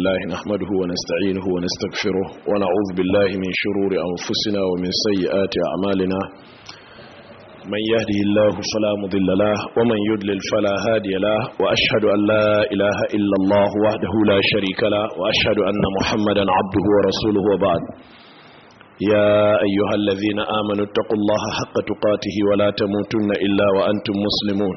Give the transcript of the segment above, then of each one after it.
الله نحمده ونستعينه ونستغفره ونعوذ بالله من شرور أنفسنا ومن سيئات أعمالنا من يهده الله فلا مضل له ومن يدلل فلا هادي له وأشهد أن لا إله إلا الله وحده لا شريك له وأشهد أن محمدا عبده ورسوله وبعد يا أيها الذين آمنوا اتقوا الله حق تقاته ولا تموتن إلا وأنتم مسلمون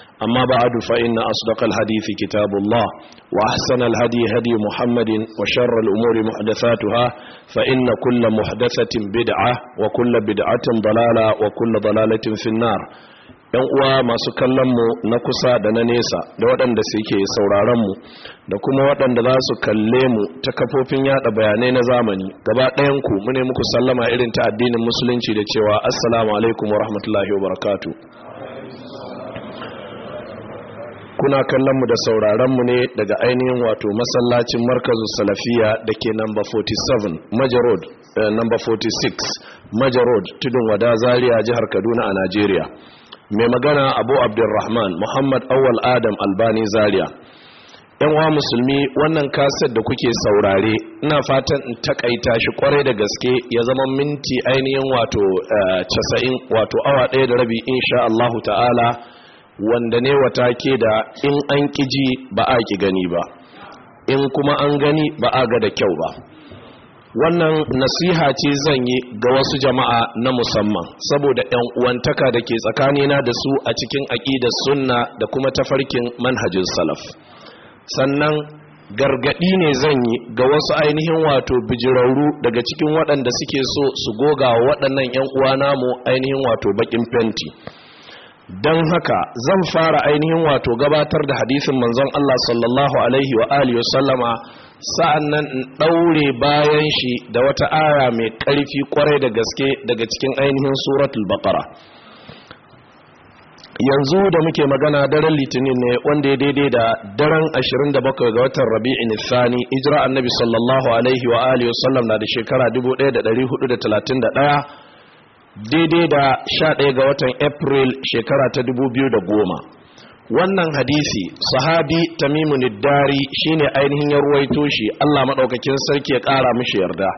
أما بعد فإن أصدق الحديث كتاب الله وأحسن الهدي هدي محمد وشر الأمور محدثاتها فإن كل محدثة بدعة وكل بدعة ضلالة وكل ضلالة في النار yan uwa masu kallonmu na kusa da na nesa da waɗanda suke sauraronmu da kuma waɗanda za su kalle mu ta kafofin yada bayanai na zamani gaba ɗayanku mu ne muku sallama irin ta addinin musulunci da cewa assalamu alaikum wa rahmatullahi wa barakatuh kuna kallon mu da sauraron mu ne daga ainihin wato masallacin markazu salafiya da ke number 47 major road eh, number 46 major road tudun wada zaria jihar kaduna a nigeria mai magana abu abdulrahman muhammad awal adam albani zaria yan wa musulmi wannan kasar da kuke saurare ina fatan in takaita shi kwarai da gaske ya zama minti ainihin wato 90 eh, wato awa ɗaya da rabi insha Allahu ta'ala wanda ne wata ke da in an kiji ba a ki gani ba in kuma an gani ba a ga da kyau ba wannan nasiha ce zan yi ga wasu jama'a na musamman saboda yan uwantaka da ke tsakanina da su a cikin aƙidar sunna da kuma tafarkin manhajin salaf sannan gargaɗi ne zan yi ga wasu ainihin wato bijirauru daga cikin waɗanda suke so su goga waɗannan yan uwa namu ainihin wato baƙin fenti don haka zan fara ainihin wato gabatar da hadisin manzon Allah sallallahu alaihi wa alihi wasallama sa'annan in ɗaure bayan shi da wata aya mai ƙarfi kwarai da gaske daga cikin ainihin suratul baqara yanzu da muke magana daren litinin ne wanda ya daidai da daren 27 ga watan rabi'in Nisani, ijira annabi sallallahu alaihi wa alihi wasallam na da shekara 1431 daidai da sha 11 ga watan april shekara ta goma. wannan hadisi sahabi tamimu niddari shine ainihin ya ruwaito shi Allah maɗaukakin sarki ya ƙara mashi yarda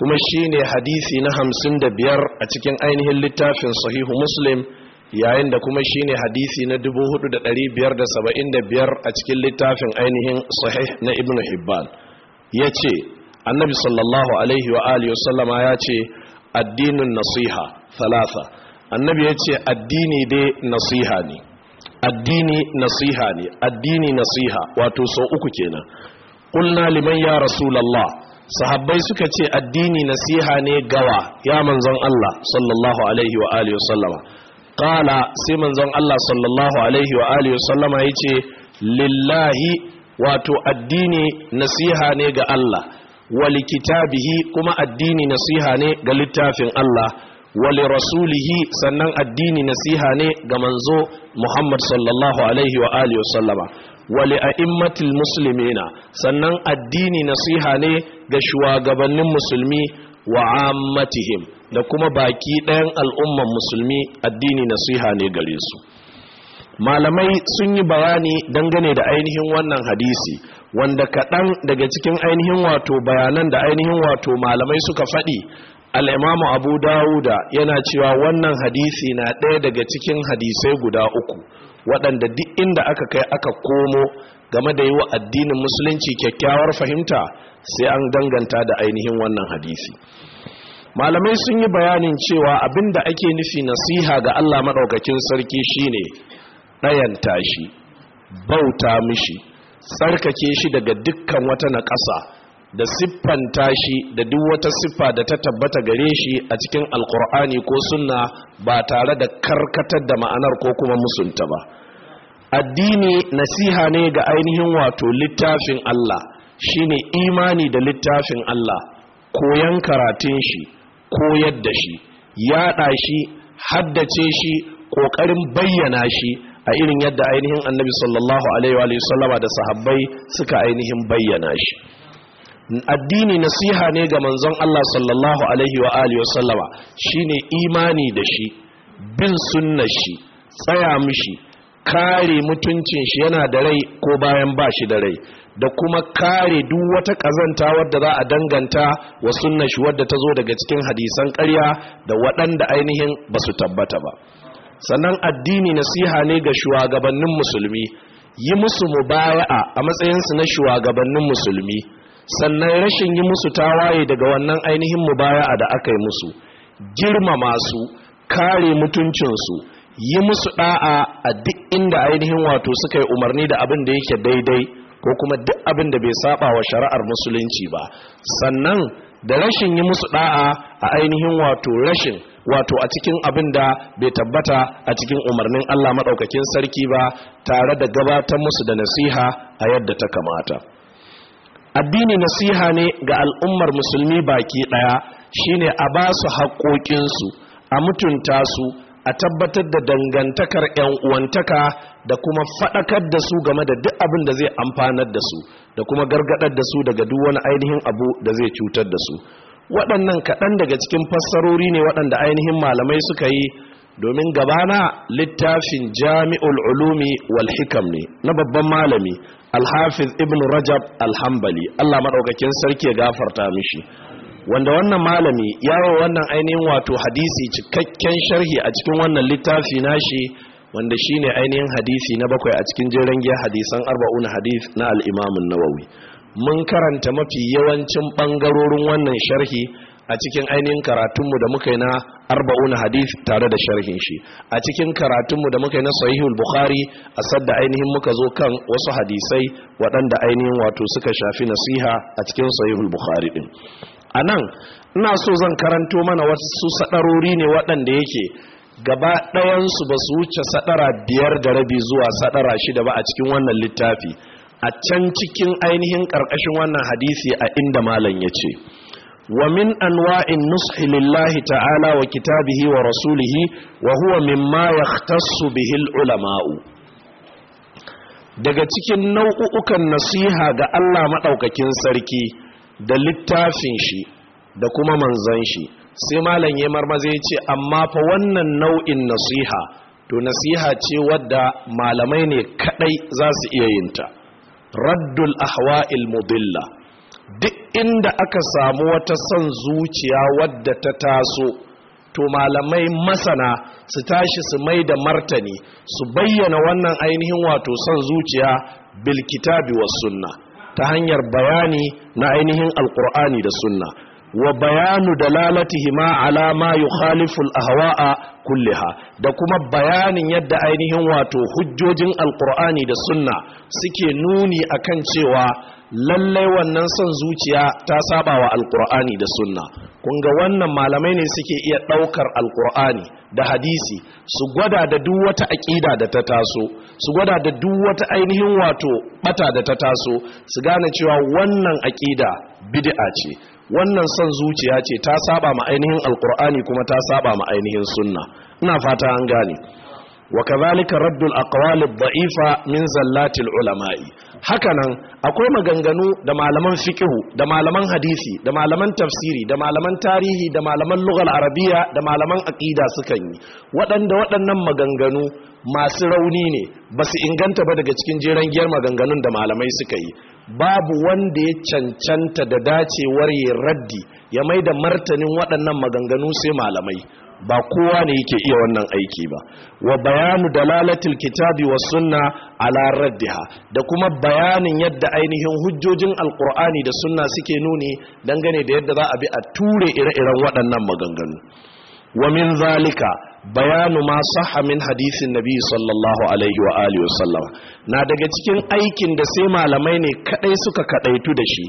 kuma shine hadisi na hamsin da biyar a cikin ainihin littafin sahihu muslim yayin da kuma shine hadisi na dubu hudu da ɗari biyar da saba'in da biyar a cikin littafin ainihin sahih na ibn hibban ya ce annabi sallallahu alaihi wa alihi wasallama ya ce addinin nasiha thalatha annabi ya ce addini dai nasiha ne addini nasiha ne addini nasiha wato sau uku kenan kulna liman ya rasulallah sahabbai suka ce addini nasiha ne gawa ya manzon Allah sallallahu alaihi wa alihi wasallama qala sai manzon Allah sallallahu alaihi wa alihi wasallama yace lillahi wato addini nasiha ne ga Allah wali kitabihi kuma addini nasiha ne ga littafin Allah wali rasulihi sannan addini nasiha ne ga manzo Muhammad sallallahu alaihi wa alihi wa sallama wali a'immatil muslimina sannan addini nasiha ne ga shugabannin musulmi wa ammatihim da kuma baki ɗayan al'umman musulmi addini nasiha ne gare su malamai sun yi bayani dangane da ainihin wannan hadisi wanda kaɗan daga cikin ainihin wato bayanan da ainihin wato malamai suka faɗi al'imamu abu dawuda yana cewa wannan hadisi na ɗaya daga cikin hadisai guda uku waɗanda duk inda aka kai aka komo game da yi wa addinin musulunci kyakkyawar fahimta sai an danganta da ainihin wannan hadisi malamai sun yi bayanin cewa abin da ake nufi nasiha ga allah maɗaukakin sarki shine ɗayan tashi bauta mishi tsarkake shi daga dukkan wata naƙasa da siffanta shi da duk wata siffa da ta tabbata gare shi a cikin alkur'ani ko sunna ba tare da karkatar da ma'anar ko kuma musunta ba addini nasiha ne ga ainihin wato littafin Allah shine imani da littafin Allah koyan karatun shi koyar da shi yaɗa shi haddace shi ƙoƙarin bayyana shi a irin yadda ainihin annabi sallallahu alaihi wa sallama da sahabbai suka ainihin bayyana shi addini nasiha ne ga manzon Allah sallallahu alaihi wa alihi wa sallama shine imani da shi bin sunna shi tsaya mishi kare mutuncin shi yana da rai ko bayan ba shi da rai da kuma kare duk wata kazanta wadda za a danganta wa sunnar shi wadda ta zo daga cikin hadisan ƙarya da waɗanda ainihin ba su tabbata ba sannan addini nasiha ne ga shugabannin musulmi yi musu mubaya'a a matsayinsu na shugabannin musulmi sannan rashin yi musu tawaye daga wannan ainihin mubaya'a da aka yi musu Girma masu kare mutuncinsu yi musu da'a a duk inda ainihin wato suka yi umarni da abin da yake daidai ko kuma duk abin da bai saba wa shari'ar musulunci ba sannan da rashin yi musu da'a a ainihin wato rashin wato a cikin abin da bai tabbata a cikin umarnin Allah maɗaukakin sarki ba tare da gabatar musu da nasiha a yadda ta kamata addini nasiha ne ga al'ummar musulmi baki ɗaya shine a ba su haƙoƙinsu a mutunta su a tabbatar da dangantakar 'yan uwantaka da kuma faɗakar da su game da duk abin da zai amfanar da su da kuma gargaɗar da su daga duk wani ainihin abu da zai cutar da su waɗannan kaɗan daga cikin fassarori ne waɗanda ainihin malamai suka yi domin gabana littafin jami'ul ulumi wal hikam ne na babban malami alhafiz ibn rajab alhambali allah maɗaukakin sarki ya gafarta mishi wanda wannan malami yawo wannan ainihin wato hadisi cikakken sharhi a cikin wannan littafi nashi wanda shine ainihin hadisi na bakwai a cikin jeren hadisan arba'un hadis na al nawawi mun karanta mafi yawancin ɓangarorin wannan sharhi a cikin ainihin karatunmu da muka yi na arba'una hadith tare da sharhin shi a cikin karatunmu da muka yi na sahihul bukhari a sadda ainihin muka zo kan wasu hadisai waɗanda ainihin wato suka shafi nasiha a cikin sahihul bukhari din a nan ina so zan karanto mana wasu sadarori ne waɗanda yake gaba ɗawansu ba su wuce sadara biyar da rabi zuwa sadara shida ba a cikin wannan littafi a can cikin ainihin ƙarƙashin wannan hadisi a inda malam ya ce wa min anwa'in nushi lillahi ta'ala wa kitabihi wa rasulihi wa huwa mimma yahtassu ulama'u daga cikin nau'ukan nasiha ga Allah maɗaukakin sarki da littafin shi da kuma manzan shi sai malam ya marmaza ya ce amma fa wannan nau'in nasiha to nasiha ce wadda malamai ne kaɗai za su iya yinta ta raddul ahwa'il mudilla duk inda aka samu wata son zuciya wadda ta taso to malamai masana su tashi su mai da martani su bayyana wannan ainihin wato son zuciya bilkitabi wa sunna ta hanyar bayani na ainihin alkur'ani da sunna wa bayanu ma ala ma yukhaliful ahwa'a kulliha da kuma bayanin yadda ainihin wato hujjojin alqur'ani da sunna suke nuni akan cewa lallai wannan son zuciya ta saba wa alqur'ani da sunna kun ga wannan malamai ne suke iya daukar alqur'ani da hadisi su gwada da duk wata aqida da ta taso su gwada da duk wata ainihin wato bata da ta taso su gane cewa wannan aqida bid'a ce wannan son zuciya ce ta saba ma ainihin alkur'ani kuma ta saba ma ainihin sunna ina fata an gane wa kadhalika raddul aqwali Ba'ifa min zallatil ulama'i hakanan akwai maganganu da malaman fikihu, da malaman hadisi da malaman tafsiri da malaman tarihi da malaman lughal arabiya da malaman aqida sukan yi waɗanda waɗannan maganganu masu rauni ne ba su inganta ba daga cikin jeren giyar maganganun da malamai suka yi babu wanda ya cancanta da dacewar ya raddi ya mai da martanin waɗannan maganganu sai malamai ba kowa ne yake iya wannan aiki ba wa bayanu dalalatul kitabi wa sunna ala raddiha da kuma bayanin yadda ainihin hujjojin alqur'ani da sunna suke nuni dangane da yadda za a bi a ture ire-iren waɗannan maganganu wa min بيان bayanu ma من min hadisin nabi sallallahu alaihi wa وسلم na daga cikin aikin da sai malamai ne kadai suka kadaitu da shi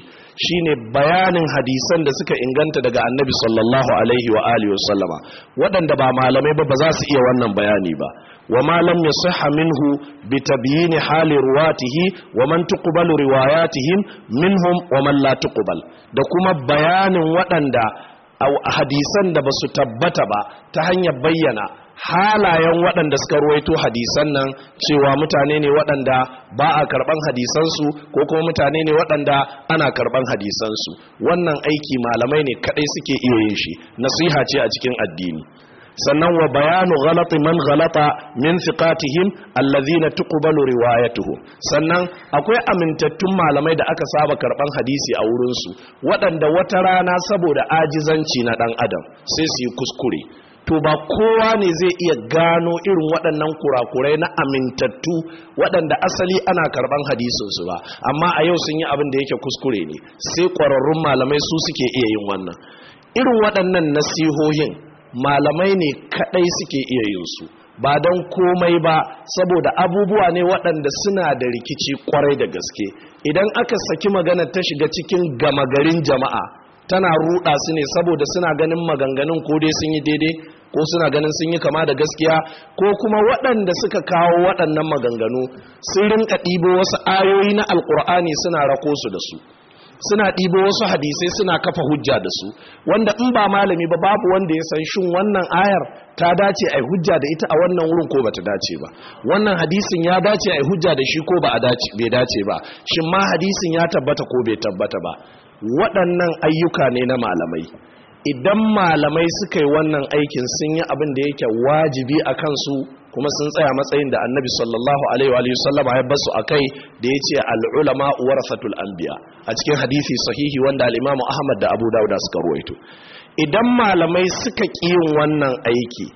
shine bayanin hadisan da suka inganta daga annabi sallallahu alaihi wa alihi wasallama waɗanda ba malamai ba ba za su iya wannan bayani ba wa malam lam yasihha minhu bi tabyin hali ruwatihi wa man tuqbalu riwayatihim minhum wa man la tuqbal da kuma bayanin waɗanda hadisan da ba su tabbata ba ta hanyar bayyana halayen waɗanda suka ruwaito hadisan nan cewa mutane ne waɗanda ba a karɓan hadisansu ko kuma mutane ne waɗanda ana karɓan hadisansu wannan aiki malamai ne kaɗai suke iya shi nasiha ce a cikin addini sannan wa bayanu ghalati man ghalata min thiqatihim alladhina tuqbalu riwayatuhum sannan akwai amintattun malamai da aka saba karban hadisi a wurin su waɗanda wata rana saboda ajizanci na dan adam sai su kuskure to ba kowa ne zai iya gano irin waɗannan kurakurai na amintattu waɗanda asali ana karɓan hadisinsu ba amma a yau sun yi abin da yake kuskure ne sai ƙwararrun malamai su suke iya yin wannan irin waɗannan nasihohin malamai ne kadai suke iya yin su ba don komai ba saboda abubuwa ne waɗanda suna da rikici kwarai da gaske idan aka saki magana ta shiga cikin gama garin jama'a tana ruɗa su ne saboda suna ganin maganganun ko dai sun yi daidai ko suna ganin sun yi kama da gaskiya ko kuma waɗanda suka kawo waɗannan maganganu sun rinka ɗibo wasu ayoyi na alkur'ani suna rako su da su suna ɗibo wasu hadisai suna kafa hujja da su wanda in ba malami ba babu wanda ya san shin wannan ayar ta dace a hujja da ita a wannan wurin ko bata dace ba wannan hadisin ya dace a hujja da shi ko ba a bai dace ba shin ma hadisin ya tabbata ko bai tabbata ba waɗannan ayyuka ne na malamai idan malamai suka yi wannan aikin sun yi abin da yake wajibi a kansu kuma sun tsaya matsayin da annabi sallallahu alaihi wa sallam ya basu akai da ya ce al'ulama warasatul anbiya a cikin hadisi sahihi wanda al'imamu ahmad da abu da'uda suka ruwaito idan malamai suka yin wannan aiki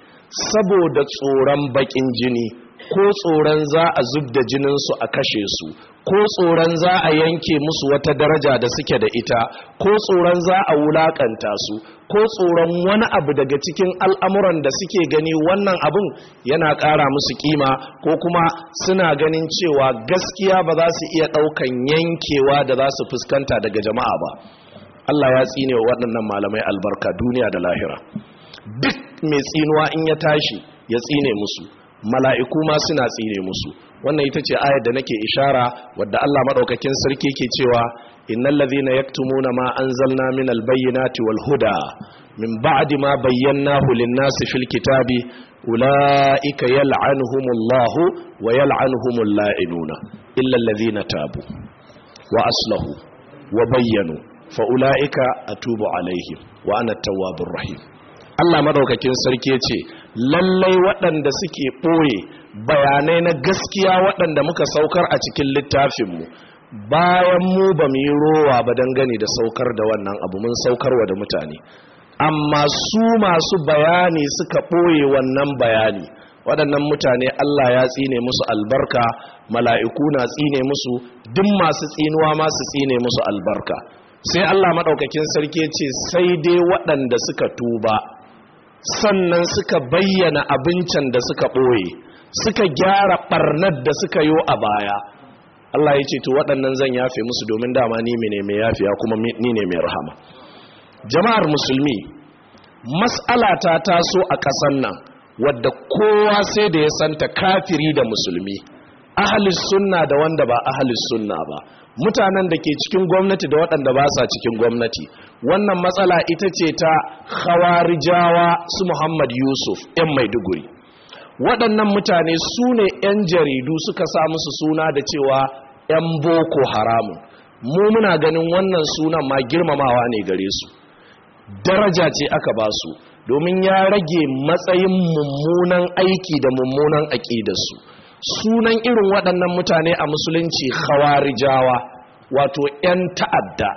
saboda tsoron baƙin jini ko tsoron za a zubda da jininsu a kashe su ko tsoron za a yanke musu wata daraja da suke da ita ko tsoron za a wulakanta su ko tsoron wani abu daga cikin al'amuran da suke gani wannan abun yana ƙara musu kima ko kuma suna ganin cewa gaskiya ba za su iya ɗaukan yankewa da za su fuskanta daga jama'a ba Allah ya tsine wa waɗannan malamai albarka duniya da lahira duk mai tsinuwa in ya tashi ya tsine musu mala'iku ma suna tsine musu wannan ita ce ayar da nake ishara wadda Allah maɗaukakin sarki ke cewa innal ladhina yaktumuna ma anzalna minal bayyinati wal huda min ba'di ma bayyanahu lin-nasi fil kitabi ulaika yal'anuhumullahu wa yal'anuhumul la'inuna illa alladhina tabu wa aslahu wa bayyanu fa ulaika atubu alaihim wa ana tawwabur rahim Allah madaukakin sarki ce lallai waɗanda suke ɓoye bayanai na gaskiya waɗanda muka saukar a cikin littafinmu bayan mu ba mu yi rowa ba gani da saukar da wannan abu mun saukar wa da mutane amma su masu bayani suka ɓoye wannan bayani waɗannan mutane Allah ya tsine musu albarka mala'iku na tsine musu duk masu tsinuwa masu tsine musu albarka sai Allah maɗaukakin sarki ce sai dai waɗanda suka tuba sannan suka bayyana abincin da suka ɓoye suka gyara barnar da suka yi a baya Allah ya ce to waɗannan zan yafe musu domin dama ni ne mai yafiya kuma ni ne mai rahama jama'ar musulmi mas'ala ta taso a ƙasan nan wadda kowa sai da ya santa kafiri da musulmi ahalis sunna da wanda ba ahalis sunna ba mutanen da ke cikin gwamnati da waɗanda ba sa cikin gwamnati wannan matsala ita ce ta khawarijawa su muhammad yusuf 'yan maiduguri waɗannan mutane su ne 'yan jaridu suka sa musu suna da cewa 'yan boko haramun mu muna ganin wannan sunan ma girmamawa ne gare su daraja ce aka ba su domin ya rage matsayin mummunan aiki da mummunan su, sunan irin waɗannan mutane a musulunci hawarijawa wato 'yan ta'adda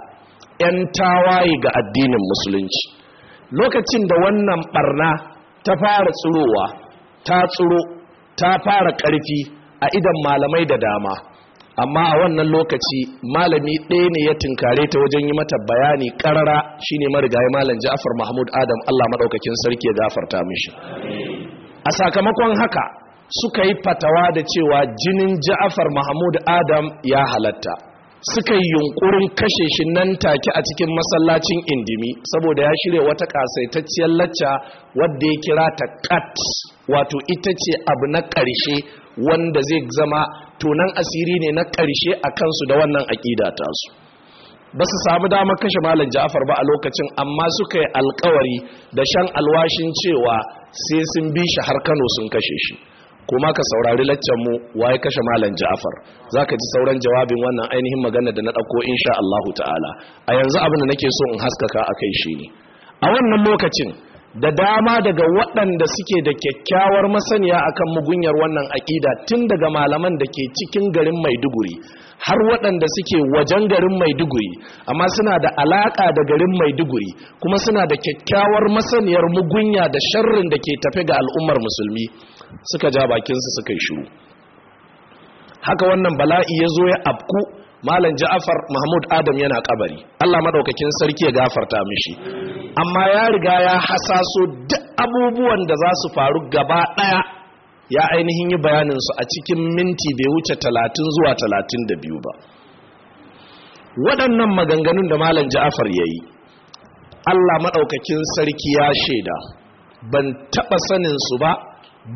'yan tawaye ga addinin musulunci lokacin da wannan ɓarna ta fara tsirowa ta tsiro ta fara ƙarfi a idan malamai da dama amma a wannan lokaci malami ɗaya ne ya tinkare ta wajen yi mata bayani ƙarara shine marigayi malam ja'far mahmud adam allah maɗaukakin sarki ya gafarta mishi a sakamakon haka suka yi fatawa da cewa jinin ja'far mahmud adam ya halatta suka yi yunkurin kashe shi nan take a cikin masallacin indimi saboda ya shirya wata kasaitacciyar lacca wadda ya kira ta kat wato ita ce abu na ƙarshe wanda zai zama tunan asiri ne na ƙarshe a kansu da wannan aƙida su. ba su samu damar kashe malam ja'afar ba a lokacin amma suka yi alkawari da shan alwashin cewa sai sun bi shi har kano sun kashe shi kuma ka saurari laccanmu waye kashe malam ja'afar za ka ji sauran jawabin wannan ainihin magana da na ɗauko insha Allahu ta'ala a yanzu abin da nake so in haskaka a kai shi ne a wannan lokacin da dama daga waɗanda suke da kyakkyawar masaniya akan mugunyar wannan aƙida tun daga malaman da ke cikin garin maiduguri har waɗanda suke wajen garin maiduguri amma suna da alaƙa da garin maiduguri kuma suna da kyakkyawar masaniyar mugunya da sharrin da ke tafe ga al'ummar musulmi suka ja bakinsu suka yi shiru haka wannan bala'i ya zo ya afku malam ja'afar mahmud adam yana kabari allah madaukakin sarki ya gafarta mishi amma ya riga ya hasaso duk abubuwan da za su faru gaba ɗaya ya ainihin yi bayaninsu a cikin minti bai wuce talatin zuwa talatin da biyu ba waɗannan maganganun da malam ja'afar ya yi allah maɗaukakin sarki ya shaida ban taɓa saninsu ba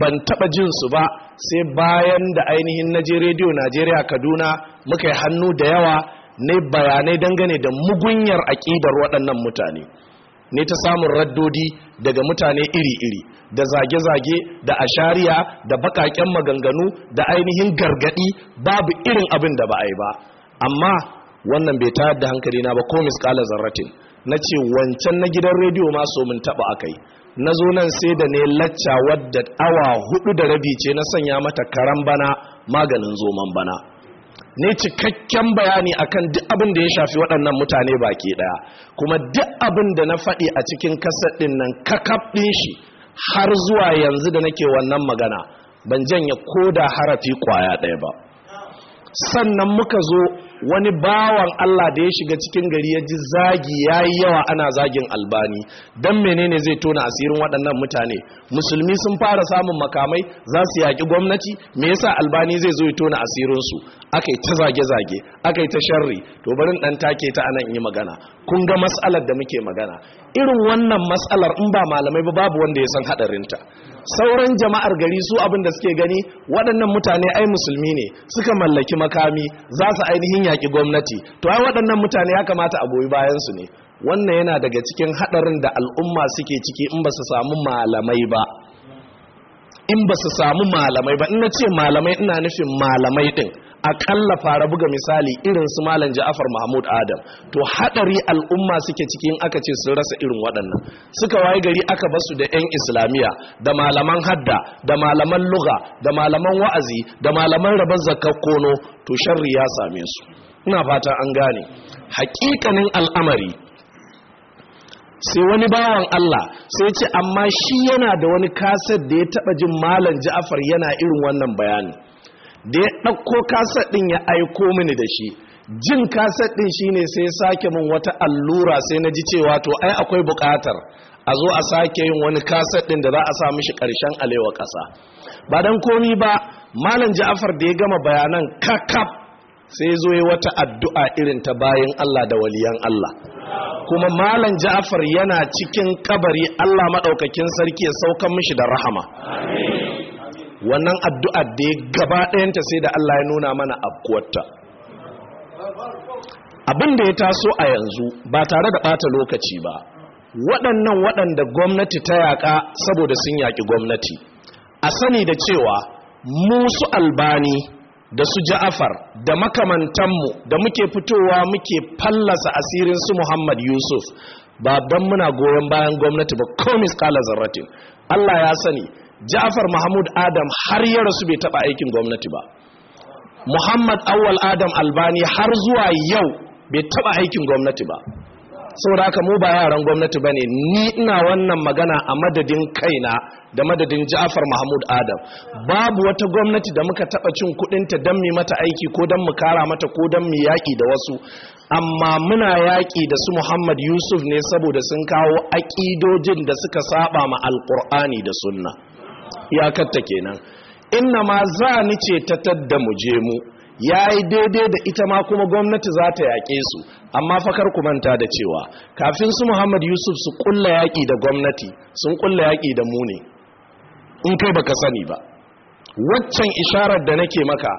ban taɓa jinsu ba sai bayan da ainihin na je rediyo najeriya kaduna muka yi hannu da yawa ne bayanai dangane da mugunyar aƙidar waɗannan mutane ne ta samun raddodi daga mutane iri-iri da zage-zage da ashariya da baƙaƙen maganganu da ainihin gargaɗi babu irin abin da ba a yi ba amma wannan bai tayar da hankali na ba ko miskala zarratin na ce wancan na gidan rediyo ma so mun taɓa akai na zo nan sai da ne lacca wadda awa hudu da rabi ce na sanya mata karan bana maganin zoman bana ne cikakken bayani akan duk abin da ya shafi waɗannan mutane baki ɗaya kuma duk abin da na faɗi a cikin kasaɗin nan kakaf ɗin shi har zuwa yanzu da nake wannan magana ban janye ko da harafi kwaya ɗaya ba sannan muka zo wani bawan Allah da ya shiga cikin gari ya ji zagi ya yi yawa ana zagin albani don menene zai tona asirin waɗannan mutane musulmi sun fara samun makamai za su yaƙi gwamnati me yasa albani zai zo ya tona asirinsu aka yi ta zage-zage aka yi ta sharri to barin ɗan take ta anan yi magana kun ga matsalar da muke magana irin wannan matsalar in ba malamai ba babu wanda ya san haɗarinta sauran jama'ar gari su abin da suke gani waɗannan mutane ai musulmi ne suka mallaki makami za su ainihin yaƙi gwamnati to ai waɗannan mutane ya kamata a goyi bayansu ne wannan yana daga cikin haɗarin da al'umma suke ciki in ba su samu malamai ba in ba su samu malamai ba in na ce malamai ina nufin malamai ɗin akalla fara buga misali irin su malam ja'afar mahmud adam to hadari al'umma suke cikin aka ce sun rasa irin waɗannan suka waye gari aka basu da 'yan islamiyya da malaman hadda da malaman luga da malaman wa'azi da malaman rabar zakar kono to sharri ya same su ina fata an gane hakikanin al'amari sai wani bawan Allah sai ce amma shi yana da wani kasar da ya taɓa jin malam ja'afar yana irin wannan bayani da ya ɗauko kaset ɗin ya aiko mini da shi jin kaset ɗin ne sai sake min wata allura sai na ji cewa to ai akwai buƙatar a zo a sake yin wani kaset ɗin da za a sa mishi ƙarshen alewa ƙasa ba don komi ba malam ja'afar da ya gama bayanan kakaf sai zo ya wata addu'a irin ta bayan Allah da waliyan Allah kuma malam ja'afar yana cikin kabari Allah maɗaukakin sarki ya saukan mishi da rahama wannan addu'ar da ya gaba ɗayanta sai da Allah ya nuna mana afkuwarta abin da ya taso a yanzu ba tare da ɓata lokaci ba waɗannan waɗanda gwamnati ta yaƙa saboda sun yaƙi gwamnati a sani da cewa musu albani da su ja'afar da makamantanmu da muke fitowa muke fallasa asirin su muhammad yusuf ba don muna goyon bayan gwamnati ba komis kala zarratin allah ya sani ja'far mahmud adam har ya rasu bai taba aikin gwamnati ba muhammad awwal adam albani har zuwa yau bai taba aikin gwamnati ba saboda haka mu ba yaran gwamnati ba ne ni ina wannan magana a madadin kaina da madadin Ja'far Mahmud Adam babu wata gwamnati da muka taba cin kudinta dan mi mata aiki ko dan mu kara mata ko dan mu yaki da wasu amma muna yaƙi da su Muhammad Yusuf ne saboda sun kawo aƙidojin da suka saba ma Alƙur'ani da Sunna iyakarta kenan inna ma za ni ce ta tadda mu je mu ya yi daidai da ita ma kuma gwamnati za ta yaƙe su amma fakar ku manta da cewa kafin su muhammad yusuf su kulla yaƙi da gwamnati sun ƙulla yaƙi da mu ne in kai baka sani ba waccan isharar da nake maka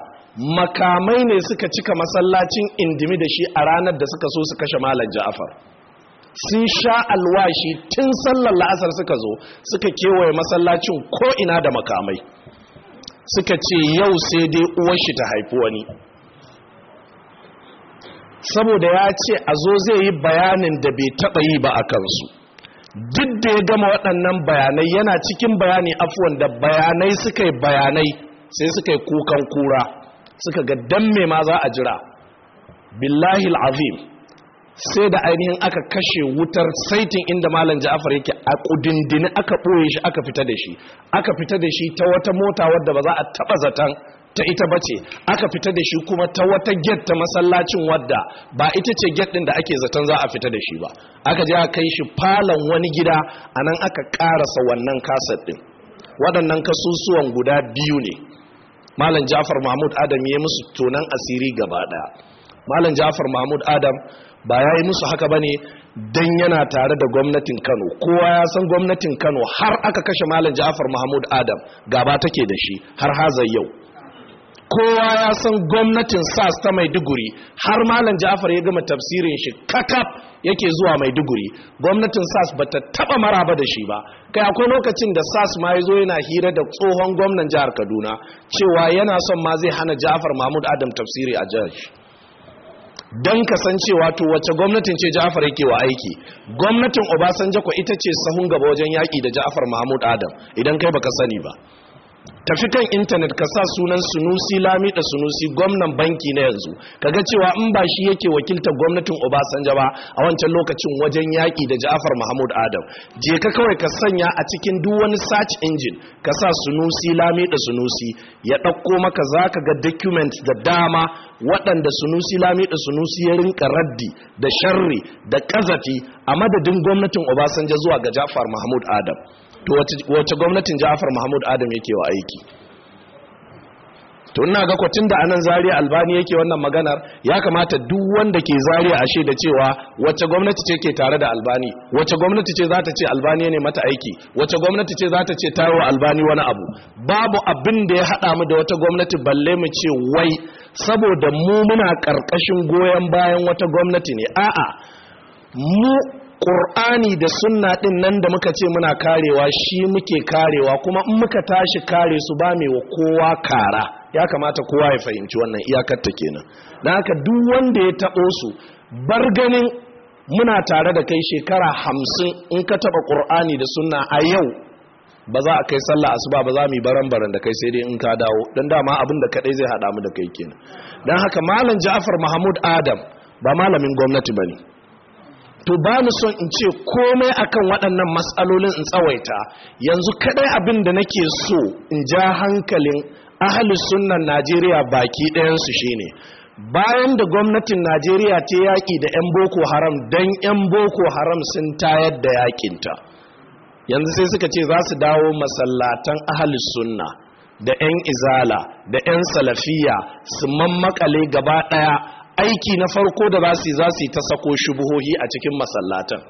makamai ne suka cika masallacin indimi da shi a ranar da suka so su kashe malam Jafar. sun sha alwashi tun sallar la'asar suka zo suka kewaye masallacin ko'ina da makamai suka ce yau sai dai uwan shi ta haifi wani saboda ya ce a zo zai yi bayanin da bai taɓa yi ba a kansu duk da ya gama waɗannan bayanai yana cikin bayani afuwan da bayanai suka yi bayanai sai suka yi kukan kura suka ga damme me ma za a jira billahi azim sai da ainihin aka kashe wutar saitin inda malam ja'afar yake a kudindini aka ɓoye shi aka fita da shi aka fita da shi ta wata mota wadda ba za a taɓa zaton ta ita bace aka fita da shi kuma ta wata get ta masallacin wadda ba ita ce get ɗin da ake zaton za a fita da shi ba aka je aka kai shi falon wani gida a nan aka karasa wannan kasar ɗin. waɗannan kasusuwan guda biyu ne malam jafar mahmud adam ya musu tonan asiri gaba ɗaya malam jafar mahmud adam ba ya yi musu haka ba ne don yana tare da gwamnatin kano kowa ya san gwamnatin kano har aka kashe malam Jafar mahmud adam gaba take da shi har hazar yau kowa ya san gwamnatin sas ta maiduguri har malam ja'afar ya gama tafsirin shi kakaf yake zuwa maiduguri gwamnatin sas ba ta taba maraba da shi ba kai akwai lokacin da sas ma ya zo yana hira da tsohon gwamnan jihar kaduna cewa yana son ma zai hana ja'afar mahmud adam tafsiri a jihar don kasancewa to wacce gwamnatin ce ja'afar yake wa aiki gwamnatin obasanjo ko ita ce sahun gaba wajen yaƙi da Jafar mahmud adam idan kai baka sani ba tafi kan intanet ka sa sunan sunusi Lamida sunusi gwamnan banki na yanzu kaga cewa in ba shi yake wakilta gwamnatin Obasanja ba a wancan lokacin wajen yaƙi da ja'afar mahmud adam je ka kawai ka sanya a cikin duk wani search engine ka sa sunusi Lamida sunusi ya ɗauko maka za ka ga document da dama waɗanda sunusi Lamida sunusi ya rinka raddi da sharri da ƙazafi a madadin gwamnatin Obasanja zuwa ga ja'afar mahmud adam to wace gwamnatin ja'afar mahmud adam yake wa aiki to ina ga kwatun da anan Zariya albani yake wannan maganar ya kamata duk wanda ke Zariya ashe da cewa wace gwamnati ce ke tare da albani wace gwamnati ce za ta ce albani ne mata aiki wace gwamnati ce za ta ce tayo albani wani abu babu abin da ya haɗa mu da wata gwamnati balle mu ce wai saboda mu muna karkashin goyon bayan wata gwamnati ne a'a mu ƙur'ani da sunna ɗin nan da muka ce muna karewa shi muke karewa kuma in muka tashi kare su ba mai wa kowa kara ya kamata kowa ya fahimci wannan iyakar ta kenan na haka duk wanda ya taɓo su bar ganin muna tare da kai shekara hamsin in ka taɓa ƙur'ani da sunna a yau ba za a kai sallah asuba ba za mu yi baran-baran da kai sai dai in ka dawo don dama abin da kaɗai zai haɗa mu da kai kenan don haka malam ja'far mahmud adam ba malamin gwamnati ba ne to ba ni son in ce komai akan waɗannan matsalolin in tsawaita yanzu kaɗai abin da nake so in ja hankalin ahalus sunnan najeriya baki ɗayansu shine bayan da gwamnatin najeriya ta yaƙi da 'yan boko haram don 'yan boko haram sun tayar da yaƙinta yanzu sai suka ce za su dawo masallatan ahalus sunna da 'yan izala da 'yan salafiya su mammakale gaba ɗaya aiki na farko da za su za ta sako shubuhohi a cikin masallatan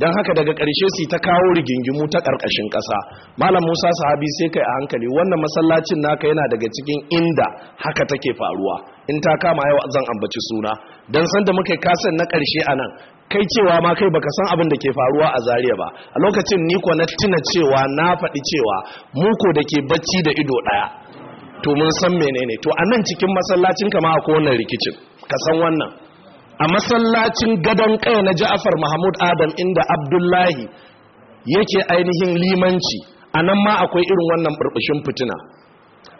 don haka daga ƙarshe su ta kawo rigingimu ta ƙarƙashin ƙasa malam musa sahabi sai kai a hankali wannan masallacin naka yana daga cikin inda haka take faruwa in ta kama yau zan ambaci suna don san da muka kasan na ƙarshe a nan kai cewa ma kai baka san abin da ke faruwa a zariya ba a lokacin ni ko na tuna cewa na faɗi cewa muko da ke bacci da ido ɗaya to mun san menene to a nan cikin masallacin kama akwai wannan rikicin ka san wannan a masallacin gadon kai na ja'afar mahmud adam inda abdullahi yake ainihin limanci a nan ma akwai irin wannan burbushin fitina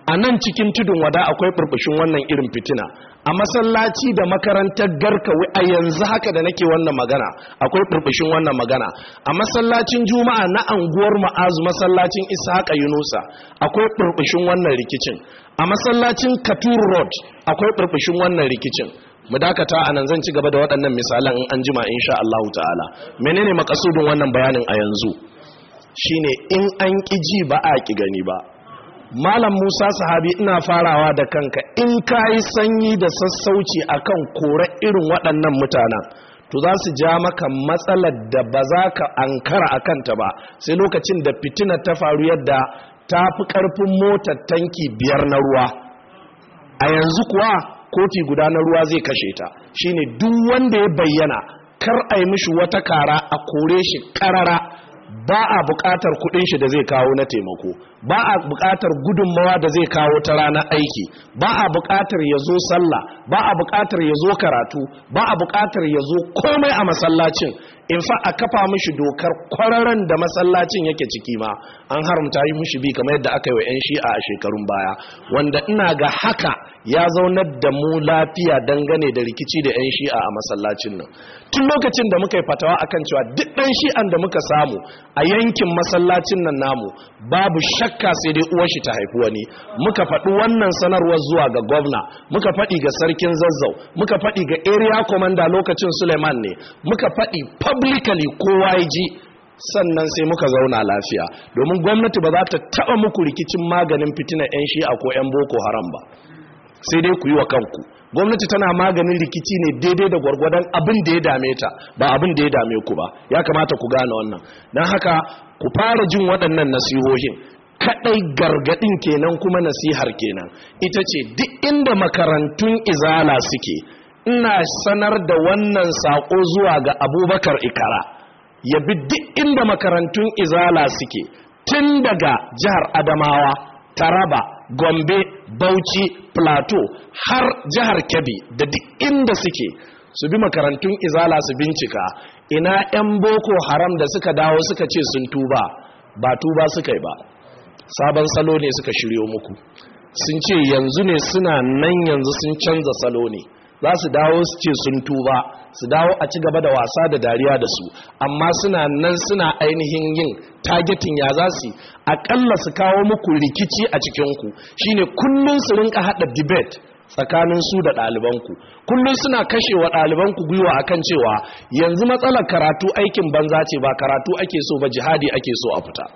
a nan cikin tudun wada akwai burbushin wannan irin fitina a masallaci da makarantar garkawi a yanzu haka da nake wannan magana akwai burbushin wannan magana a masallacin juma'a na anguwar ma'azu masallacin ishaqa yunusa akwai burbushin wannan rikicin a masallacin katur road akwai burbushin wannan rikicin mu dakata a nan zan ci gaba da waɗannan misalan in an jima insha Allah ta'ala menene makasudin wannan bayanin a yanzu shine in an ƙi ji ba a ki gani ba malam musa sahabi ina farawa da kanka in ka yi sanyi da sassauci akan kore irin waɗannan mutanen to za su ja maka matsalar da ba za ka ankara a kanta ba sai lokacin da fitina ta faru yadda ta fi ƙarfin motar tanki biyar na ruwa a yanzu kuwa kofi guda na ruwa zai kashe ta shine duk wanda ya bayyana kar a yi mishi wata kara a kore shi ƙarara. ba a buƙatar kuɗin shi da zai kawo na taimako ba a buƙatar gudunmawa da zai kawo ta ranar aiki ba a buƙatar ya zo sallah ba a buƙatar ya zo karatu ba a buƙatar ya zo komai a masallacin in fa a kafa mushi dokar kwararren da masallacin yake ciki ma an haramta yi mushi bi kamar yadda aka yi wa 'yan shi'a a shekarun baya wanda ina ga haka ya zaunar da mu lafiya dangane da rikici da 'yan shi'a a masallacin nan tun lokacin da muka yi fatawa akan cewa duk ɗan shi'an da muka samu a yankin masallacin nan namu babu shakka sai dai uwar shi ta haifi wani muka faɗi wannan sanarwar zuwa ga gwamna muka faɗi ga sarkin zazzau muka faɗi ga area commander lokacin suleiman ne muka faɗi publicly kowa ya ji sannan sai muka zauna lafiya domin gwamnati ba za ta taɓa muku rikicin maganin fitina 'yan shi'a ko 'yan boko haram ba sai dai ku yi wa kanku gwamnati tana maganin rikici ne daidai da gwargwadon abin da ya dame ta ba abin da ya dame ku ba ya kamata ku gane wannan don haka ku fara jin waɗannan nasihohin kaɗai gargaɗin kenan kuma nasihar kenan ita ce duk inda makarantun izala suke ina sanar da wannan sako zuwa ga abubakar ikara ya bi duk inda makarantun izala suke tun daga jihar adamawa taraba gombe bauchi plateau har jihar kebbi da duk inda suke su bi makarantun izala su bincika ina 'yan boko haram da suka dawo suka ce sun tuba ba tuba suka yi ba sabon salo ne suka shiryo muku sun ce yanzu ne suna nan yanzu sun canza salo ne za su dawo su ce sun tuba su dawo a ci gaba da wasa da dariya da su amma suna nan suna ainihin yin targetin ya za su akalla su kawo muku rikici a cikinku shine kullum su rinka haɗa debate tsakanin su da ɗalibanku kullum suna kashe wa ɗalibanku gwiwa a kan cewa yanzu matsalar karatu aikin banza ce ba karatu ake so ba jihadi ake so a fita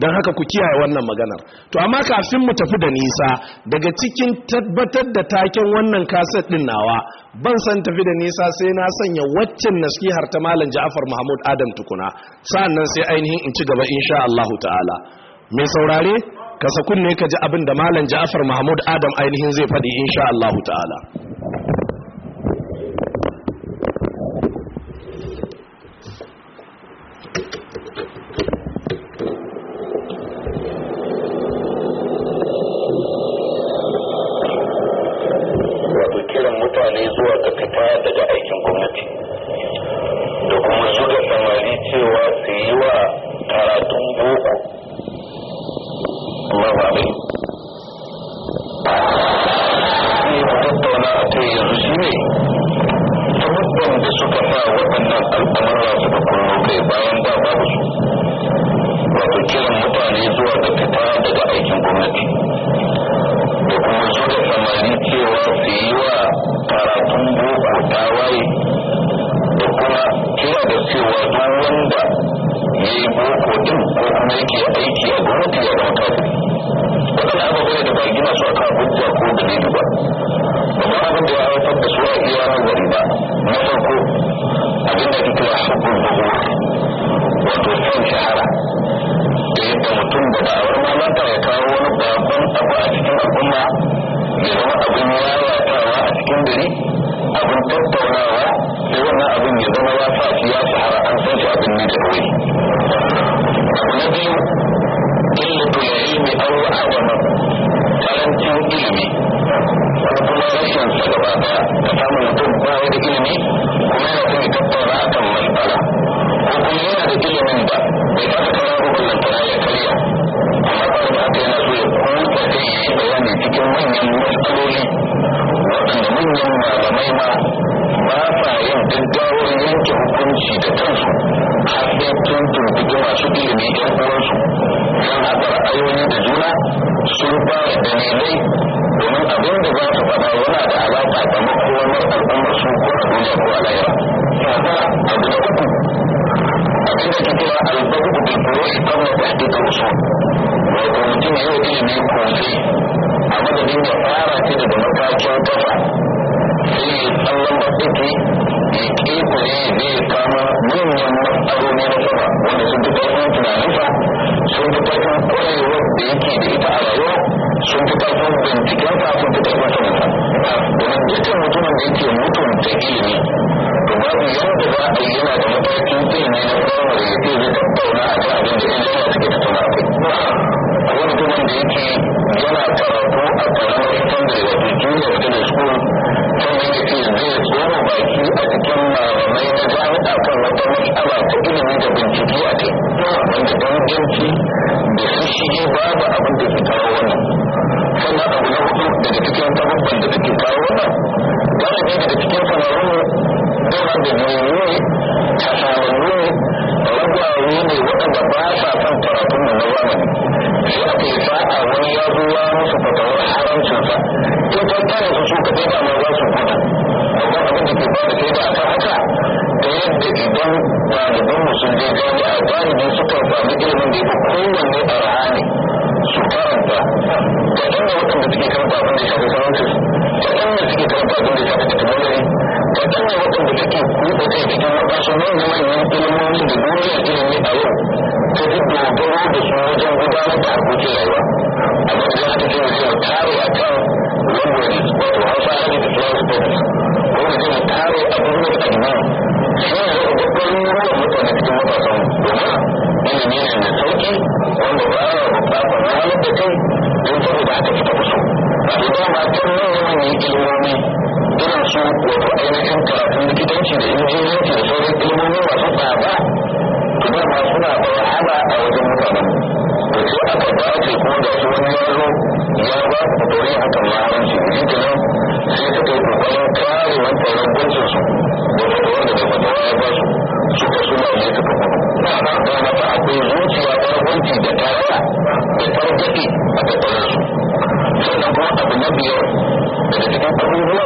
don haka ku kiyaye wannan maganar to amma kafin mu tafi da nisa daga cikin tabbatar da taken wannan kaset din nawa ban san tafi da nisa sai na sanya waccan nasihar ta malam Ja'far Mahmud Adam tukuna sa'annan sai ainihin in ci gaba insha Allah ta'ala me saurare ka sakun ne ka ji abin da malam Ja'far Mahmud Adam ainihin zai faɗi insha Allah ta'ala Thank you. Ahora da aquí ciki no tattaunansu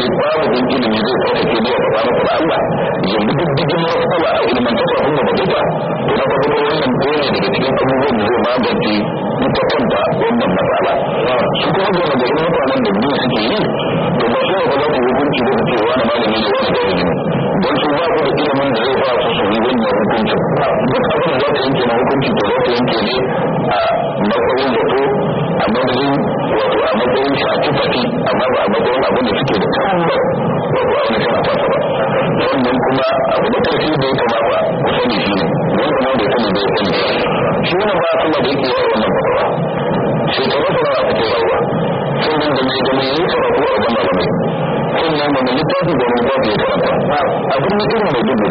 shi babu don ilimi zai tsarkake ne a faɗa maka da Allah yanzu duk digin matsala a ilimantar abin da ba zai ba to na farko wannan ɗaya daga cikin abubuwan da zai magance ita kanta wannan matsala su kuma da nagarin mutanen da biyu suke yi to ba su ba za ku hukunci da kuke wani malami ne wani gari ne don su ba ku da ilimin da zai fara su su yi wannan hukunci duk abin da za ka yanke na hukunci to za ka yanke ne a matsayin zato a matsayin wato a matsayin shafi fati amma ba a matsayin abin da suke da wato a wani sama fasa ba wannan kuma abu da karfi da ya kamata ku sani shi ne wannan da sani da ya sani shi wannan ba kuma da yake yawa wannan fatawa shekaru kuma a fito sun nan da mai gani a malamai sun nan da mai littafi da wani kwafi ya karanta abin da irin mai dubu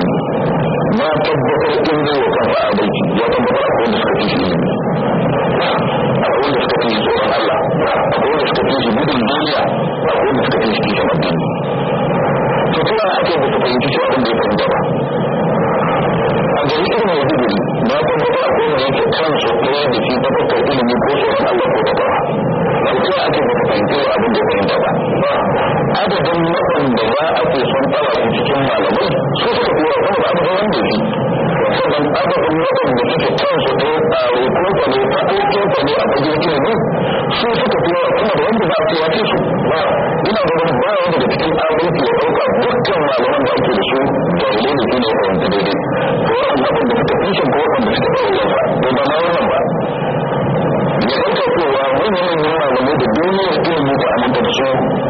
ما طبقوا الجنة وكان عليهم وطبقوا أقول استفيد أقول استفيد سورة الله أقول استفيد بدون الدنيا أقول استفيد في سماء الدنيا فتوى أكيد تفيد شو أقول لي فهمت الله أجل إذن يجب ما طبقوا أقول لك كان شكرا في طبقة إلمي كوسورة الله كتبها ɗauke a ce baka fahimci abin da fahimta ba adadin waɗanda za a ke son fara su cikin malamai su suka fi wasu da abin wanda shi sannan adadin waɗanda suke kansu ta a roƙonsa ne ta aikinsa ne a fagen ilimi su suka da wanda ba a ce wace su ina ganin ba wanda da cikin adalci ya ɗauka dukkan malaman da ake da su jahilai da su ne fahimci daidai to waɗanda abin da suka fi shi ko waɗanda suka fi wasu ba ba ba da ɗauka cewa manyan manyan malamai da duniyar ilimi ta aminta da su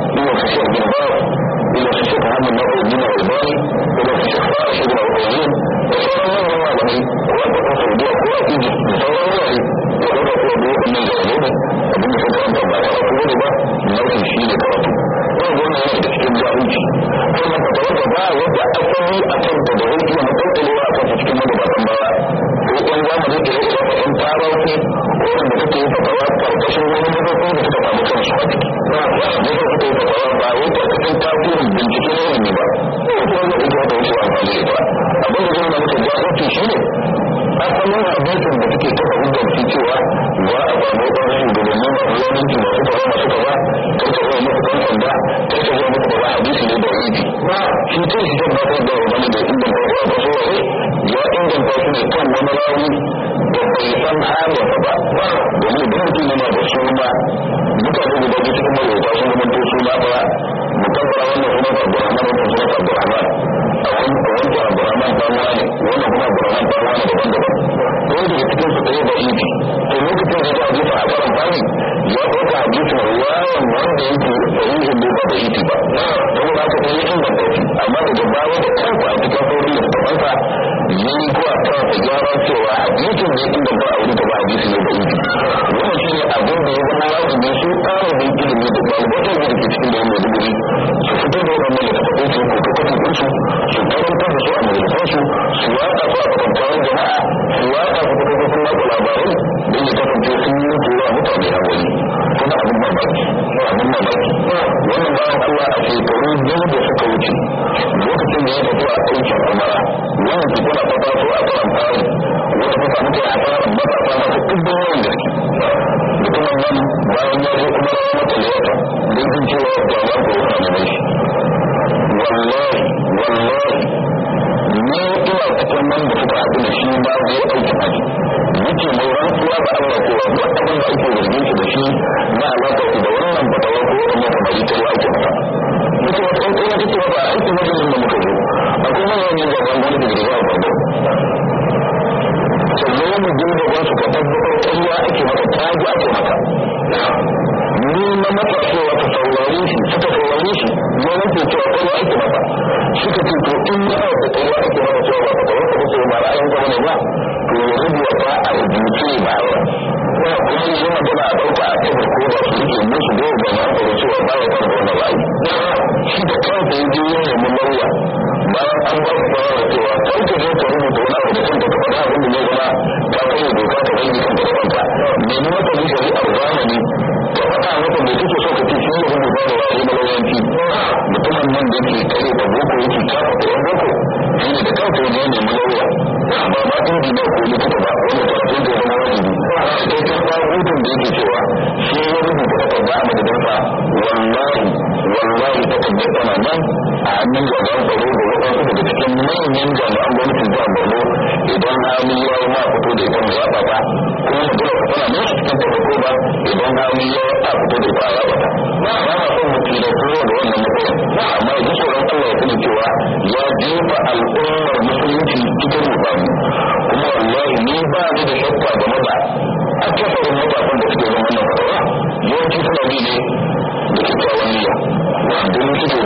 Thank you.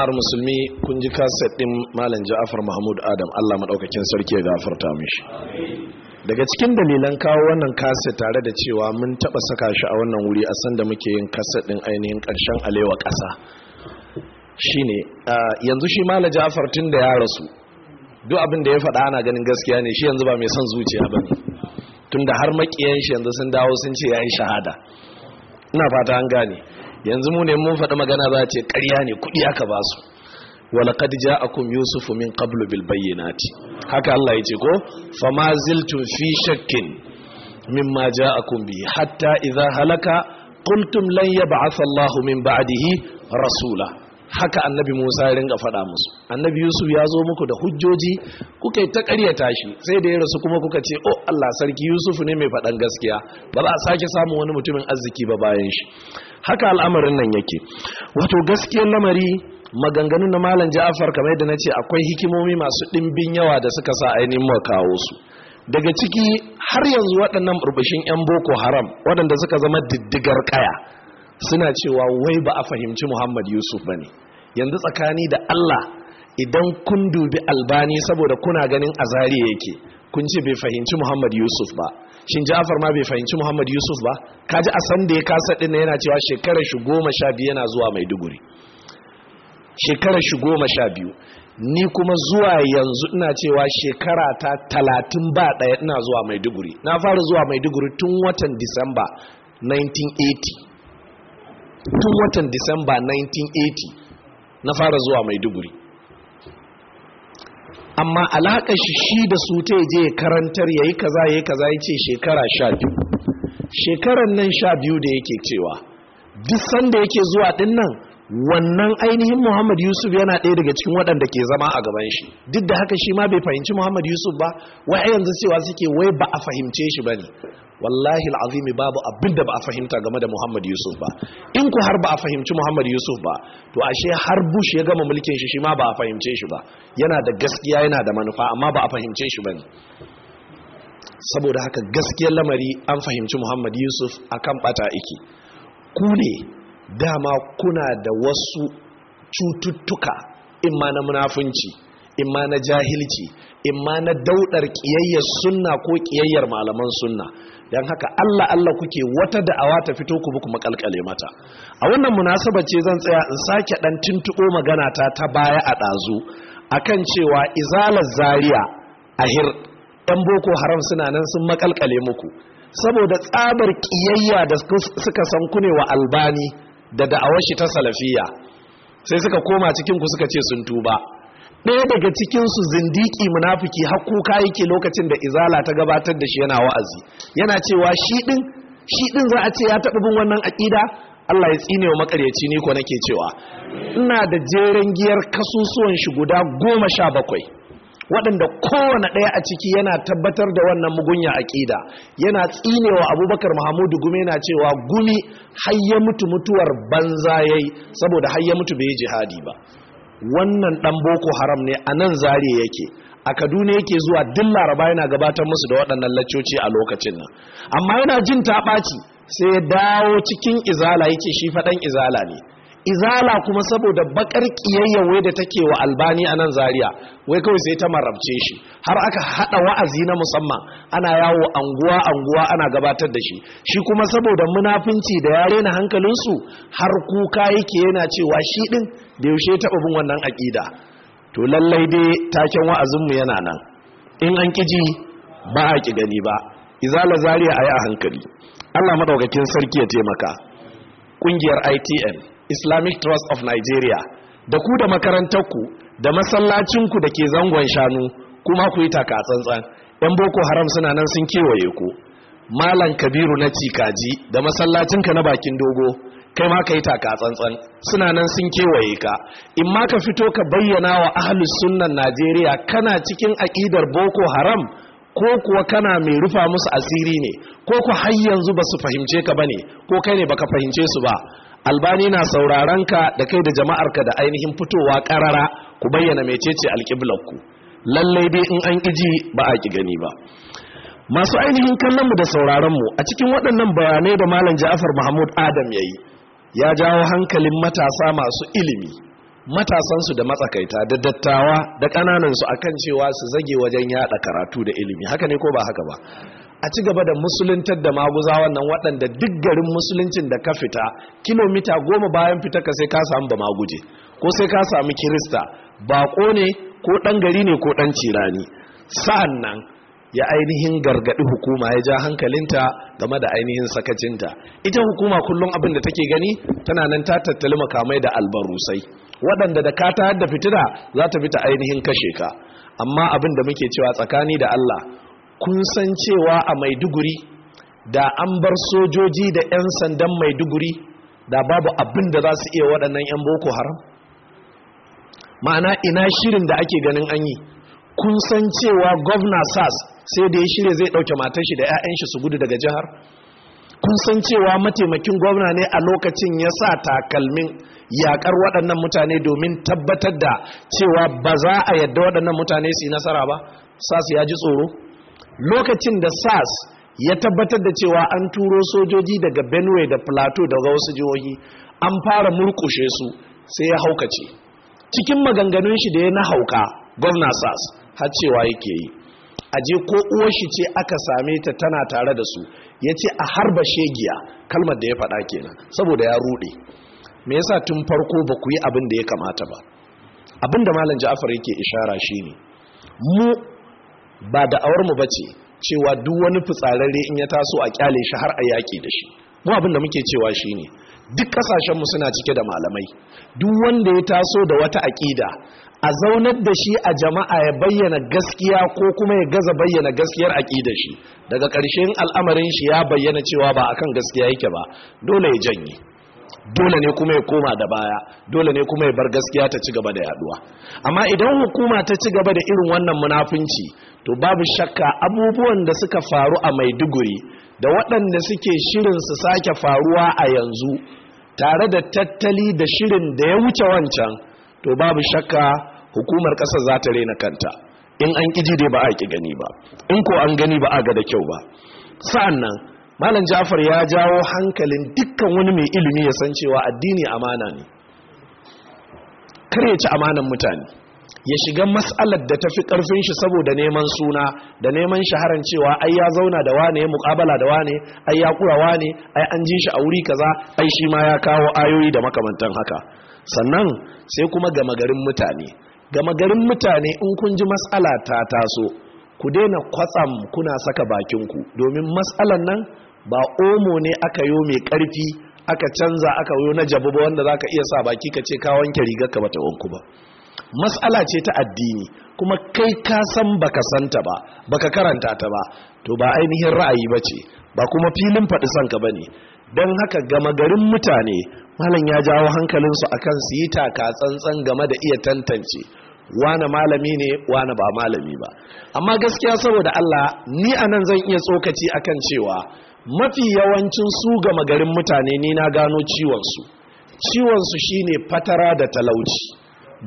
jama'ar musulmi kun ji kaset ɗin malam ja'afar mahmud adam allah maɗaukakin sarki ya gafarta mishi daga cikin dalilan kawo wannan kaset tare da cewa mun taɓa saka shi a wannan wuri a sanda muke yin kaset ɗin ainihin ƙarshen alewa ƙasa shine yanzu shi malam ja'afar tun da ya rasu duk abin da ya faɗa ana ganin gaskiya ne shi yanzu ba mai son zuciya ba ne tun da har maƙiyan shi yanzu sun dawo sun ce ya yi shahada ina fata an gane yanzu mu ne mun faɗi magana za a ce ƙarya ne kuɗi aka ba su a kun yusufu min qablu bil ce haka Allah ya ce ko fama ziltun fi shakkin a kun bi hatta iza halaka qultum lan yab'atha sallahu min ba'adihi rasula haka annabi Musa ya ringa faɗa musu annabi Yusuf ya zo muku da hujjoji kuka yi ta shi sai da ya rasu kuma kuka ce o oh, Allah sarki Yusuf ne mai faɗan gaskiya ba za a sake samun wani mutumin arziki ba bayan shi haka al'amarin nan yake wato gaskiyar lamari maganganu na malam ja'afar kamar yadda na ce akwai hikimomi masu ɗimbin yawa da suka sa ainihin mu kawo su daga ciki har yanzu waɗannan burbushin 'yan boko haram waɗanda suka zama diddigar kaya suna cewa wai ba a fahimci muhammad yusuf ba ne yanzu tsakani da allah idan kun dubi albani saboda kuna ganin azari yake kun ce bai fahimci muhammad yusuf ba shin ja'afar ma bai fahimci muhammad yusuf ba Ka ji a sanda da ya kasa ɗin yana cewa shekarar shi goma sha biyu yana zuwa maiduguri shekarar shi goma sha biyu ni kuma zuwa yanzu ina cewa shekara ta talatin ba ɗaya ina zuwa maiduguri na fara zuwa maiduguri tun watan disamba 1980 tun watan disamba 1980 na fara zuwa maiduguri amma alaƙa shi shi da su ta je karantar ya yi kaza ya yi kaza ya ce shekara sha biyu shekaran nan sha biyu da yake cewa duk sanda yake zuwa ɗin nan wannan ainihin muhammad yusuf yana ɗaya daga cikin waɗanda ke zama a gaban shi duk da haka shi ma bai fahimci muhammad yusuf ba wai yanzu cewa suke wai ba a fahimce shi ba ne wallahi al'azimi babu abin da ba a fahimta game da muhammad yusuf ba in ku har ba a fahimci muhammad yusuf ba to ashe har bush ya gama mulkin shi shi ma ba a fahimce shi ba yana da gaskiya yana da manufa amma ba a fahimce shi ba ne saboda haka gaskiyar lamari an fahimci muhammad yusuf akan bata iki ku ne dama kuna da wasu cututtuka imma na munafunci imma na jahilci imma na daudar kiyayyar sunna ko kiyayyar malaman sunna don haka Allah Allah kuke wata da'awa ta fito ku muku makalkale mata a wannan munasaba ce zan tsaya in sake dan tuntubo magana ta ta baya a ɗazu. A kan cewa izalar zaria Hir. yan boko haram suna nan sun makalkale muku saboda tsabar kiyayya da suka san wa albani da da'awar shi ta salafiya sai suka koma cikin ku suka ce sun tuba ɗaya daga cikin su zindiki munafiki hakuka yake lokacin da izala ta gabatar da shi yana wa'azi yana cewa shi ɗin shi za a ce ya taɓa bin wannan aƙida Allah ya tsine wa makaryaci ni ko nake cewa ina da jeren giyar kasusuwan shi guda goma sha bakwai waɗanda kowane ɗaya a ciki yana tabbatar da wannan mugunya aƙida yana tsinewa abubakar mahamudu gumi yana cewa gumi har mutu mutuwar banza yayi saboda har mutu bai yi jihadi ba wannan ɗan boko haram ne a nan zare yake a kaduna yake zuwa duk laraba yana gabatar musu da waɗannan laccoci a lokacin nan amma yana jin taɓaci sai ya dawo cikin izala yake shi faɗan izala ne izala kuma saboda bakar kiyayya wai da take wa albani a nan Zariya, wai kawai sai ta marabce shi har aka hada wa'azi na musamman ana yawo anguwa anguwa ana gabatar da shi shi kuma saboda munafinci da yare na hankalinsu har kuka yake yana cewa shi din da yaushe taɓa bin wannan aƙida to lallai dai taken wa'azinmu yana nan in an kiji ba a ki gani ba izala zaria a yi a hankali allah madaukakin sarki ya taimaka ƙungiyar ITM. islamic trust of nigeria da ku da makarantar ku da masallacinku da ke zangon shanu kuma ku yi taka tsantsan yan boko haram suna nan sun kewaye ku malam kabiru na cikaji da masallacinka na bakin dogo kai ma ka taka tsantsan suna nan sun kewaye ka in ma ka fito ka bayyana wa ahlus sunnan najeriya kana cikin aƙidar boko haram ko kuwa kana mai rufa musu asiri ne ko ku har yanzu ba su fahimce ka bane ko kai ne baka fahimce su ba albani na sauraron ka da kai da jama'arka da ainihin fitowa karara ku bayyana mecece ku lallai dai in an ƙiji ba a ƙi gani ba masu ainihin kallon mu da sauraron mu a cikin waɗannan bayanai da malam ja'afar mahmud adam ya yi ya jawo hankalin matasa masu ilimi matasansu da matsakaita da dattawa da ƙananansu akan cewa su zage wajen yaɗa karatu da ilimi haka ne ko ba haka ba a ci gaba da musuluntar da maguza wannan waɗanda duk garin musuluncin da ka fita kilomita goma bayan fita ka sai ka samu ba maguje ko sai ka samu kirista baƙo ne ko ɗan gari ne ko ɗan cirani sa'an nan ya ainihin gargaɗi hukuma ya ja hankalinta game da ainihin sakacinta ita hukuma kullum abin da take gani tana nan ta tattali makamai da albarusai waɗanda da ka ta da fitina za ta fita ainihin kashe ka amma abin da muke cewa tsakani da Allah kun san cewa a maiduguri da an bar sojoji da 'yan sandan maiduguri da babu abin da za su iya waɗannan 'yan boko haram ma'ana ina shirin da ake ganin an yi kun san cewa gwamna SARS sai da ya shirya zai ɗauke matan shi da 'ya'yan shi su gudu daga jihar kun san cewa mataimakin gwamna ne a lokacin ya sa takalmin yakar waɗannan mutane domin tabbatar da cewa ba za a yadda waɗannan mutane su yi nasara ba sas ya ji tsoro lokacin da sars ya tabbatar da cewa an turo sojoji daga benue da plateau daga wasu jihohi an fara murkushe su sai ya haukace cikin maganganun shi da ya na hauka gwamna sars har cewa yake yi aje ko uwar shi ce aka same ta tana tare da su ya ce a harba shegiya kalmar da ya faɗa kenan saboda ya rude, me yasa tun farko ba ku yi abin da ya kamata ba abin da malam ja'afar yake ishara shine mu ba da awar mu bace cewa duk wani fitsararre in ya taso a kyale shi har a yaki da shi mu abin da muke cewa shine duk kasashen mu suna cike da malamai duk wanda ya taso da wata aƙida a zaunar da shi a jama'a ya bayyana gaskiya ko kuma ya gaza bayyana gaskiyar aƙidar shi daga ƙarshen al'amarin shi ya bayyana cewa ba akan gaskiya yake ba dole ya janye dole ne kuma ya koma da baya dole ne kuma ya bar gaskiya ta ci gaba da yaduwa amma idan hukuma ta ci gaba da irin wannan munafunci to babu shakka abubuwan da suka faru a maiduguri da waɗanda suke shirin su sake faruwa a yanzu tare da tattali da shirin da ya wuce wancan to babu shakka hukumar ƙasa za ta rena kanta in an ƙi dai ba a ƙi gani ba in ko an gani ba a ga da kyau ba sa'an nan malam jafar ya jawo hankalin dukkan wani mai ilimi ya san cewa addini amana ne kar ya ci amanan mutane ya shiga mas'alar da ta fi ƙarfin shi saboda neman suna da neman shaharan cewa ai ya zauna da wane ya mukabala da wane ai ya kura wane ai an ji shi a wuri kaza ai shi ma ya kawo ayoyi da makamantan haka sannan sai kuma gama garin mutane gama garin mutane in kun ji mas'ala ta taso ku daina kwatsam kuna saka bakin ku, domin mas'alan nan ba omo ne aka yo mai karfi aka canza aka yo na jabu ba wanda zaka iya sa baki ka ce ka wanke rigar ka bata wanku ba matsala ce ta addini kuma kai ka san baka santa ba baka karanta ta ba to ba ainihin ra'ayi ba ce ba kuma filin faɗi sanka ba ne don haka gama garin mutane malam ya jawo hankalinsu kan su yi taka tsantsan game da iya tantance wane malami ne wane ba malami ba amma gaskiya saboda Allah ni anan zan iya tsokaci akan cewa mafi yawancin su gama garin mutane ni na gano ciwonsu ciwonsu shine fatara da talauci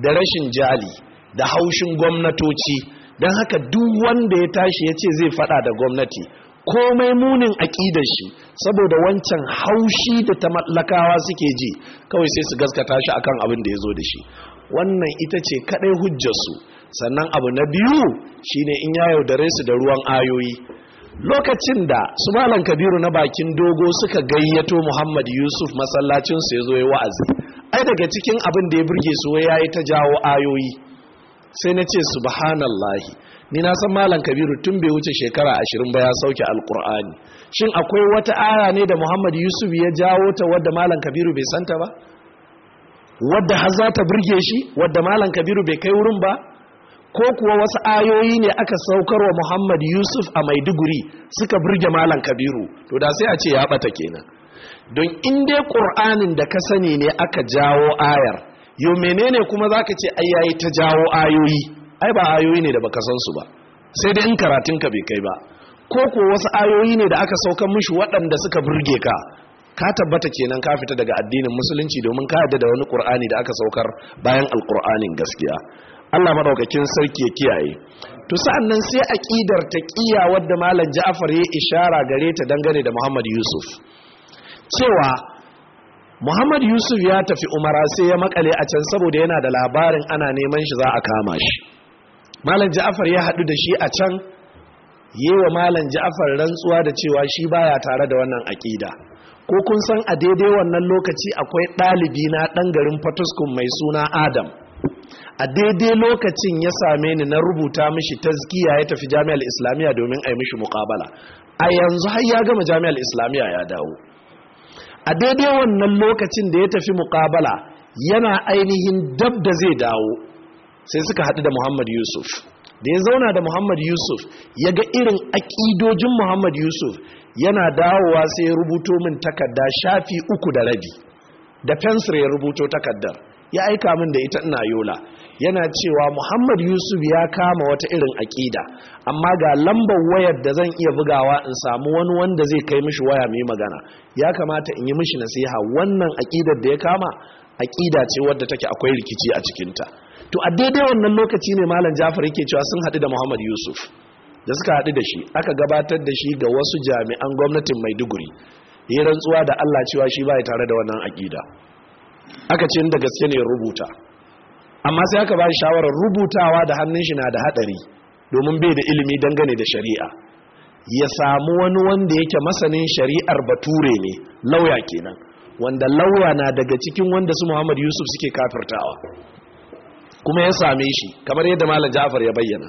da rashin jali da haushin gwamnatoci don haka duk wanda ya tashi ya ce zai fada da gwamnati komai munin aƙidar shi saboda wancan haushi da ta mallakawa suke ji kawai sai su gaskata shi akan abin da ya zo da shi wannan ita ce kaɗai hujjarsu sannan abu na biyu shine in ya yaudare su da ruwan ayoyi lokacin da su malam kabiru na bakin dogo suka gayyato muhammad yusuf masallacinsu ya zo ya wa'azi ai daga cikin abin da ya burge su wai yayi ta jawo ayoyi sai na ce subhanallahi ni na san malam kabiru tun bai wuce shekara ashirin ba ya sauke alkur'ani shin akwai wata aya ne da muhammad yusuf ya jawo ta wadda malam kabiru bai santa ba wadda har za ta burge shi wadda malam kabiru bai kai wurin ba ko kuwa wasu ayoyi ne aka saukar wa muhammad yusuf a maiduguri suka burge malam kabiru to da sai a ce ya bata kenan don in dai ƙur'anin da ka sani ne aka jawo ayar yau menene kuma za ka ce ayayi ta jawo ayoyi ai ba ayoyi ne da baka san su ba sai dai in karatun ka bai kai ba ko ko wasu ayoyi ne da aka saukan mishi waɗanda suka burge ka ka tabbata kenan ka fita daga addinin musulunci domin ka yadda da wani ƙur'ani da aka saukar bayan alƙur'anin gaskiya Allah maɗaukakin sarki ya kiyaye to sa'an nan sai aƙidar ta ƙiya wadda malam ja'afar ya ishara gare ta dangane da Muhammad Yusuf cewa muhammad yusuf ya tafi umara sai ya makale a can saboda yana da labarin ana neman shi za a kama shi malam ja'afar ya haɗu da shi a can yi wa malam ja'afar rantsuwa da cewa shi baya tare da wannan aƙida ko kun san a daidai wannan lokaci akwai ɗalibi na ɗan garin fatuskun mai suna adam a daidai lokacin ya same ni na rubuta mishi tazkiya ya tafi jami'ar islamiyya domin a yi mishi muƙabala a yanzu har ya gama jami'ar islamiyya ya dawo a daidai wannan lokacin da ya tafi muƙabala yana ainihin dab da zai dawo sai suka haɗu da muhammad yusuf da ya zauna da muhammad yusuf ya ga irin aƙidojin muhammad yusuf yana dawowa sai ya rubuto min takarda shafi uku da rabi da fensir ya rubuto takardar ya aika min da ita ina yola yana cewa muhammad yusuf ya kama wata irin aƙida amma ga lambar wayar da zan iya bugawa in samu wani wanda zai kai mishi waya mai magana ya kamata in yi mishi nasiha wannan aƙidar da ya kama aƙida ce wadda take akwai rikici a cikinta to a daidai wannan lokaci ne malam jafar yake cewa sun haɗu da muhammad yusuf da suka haɗu da shi aka gabatar da shi ga wasu jami'an gwamnatin maiduguri ya rantsuwa da allah cewa shi ba tare da wannan aƙida aka ce da gaske ne rubuta amma sai aka ba shi shawarar rubutawa da hannun shi na da hadari domin bai da ilimi dangane da shari'a ya samu wani wanda yake masanin shari'ar bature ne lauya kenan wanda lauya na daga cikin wanda su Muhammad Yusuf suke kafirtawa kuma ya same shi kamar yadda malam Ja'far ya bayyana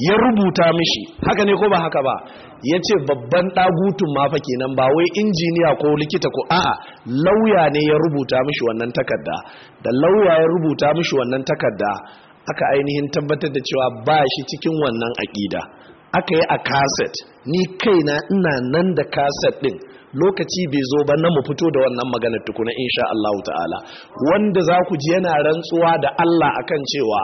ya rubuta mishi haka ne ko ba haka ba ya ce babban ɗagutun mafa kenan ba wai injiniya ko likita ko a'a lauya ne ya rubuta mishi wannan takarda da lauya ya rubuta mishi wannan takarda aka ainihin tabbatar da cewa ba shi cikin wannan aƙida aka yi a kaset ni kaina ina nan da kaset ɗin lokaci bai zo ba na mu fito da wannan maganar tukuna insha Allah ta'ala wanda za ku ji yana rantsuwa da Allah akan cewa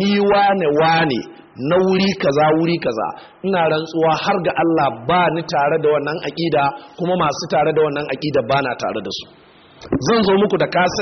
ni wane wane na wuri kaza wuri kaza ina rantsuwa har ga Allah ba ni tare da wannan aƙida kuma masu tare da wannan aƙida ba na tare da su zan zo muku da kaset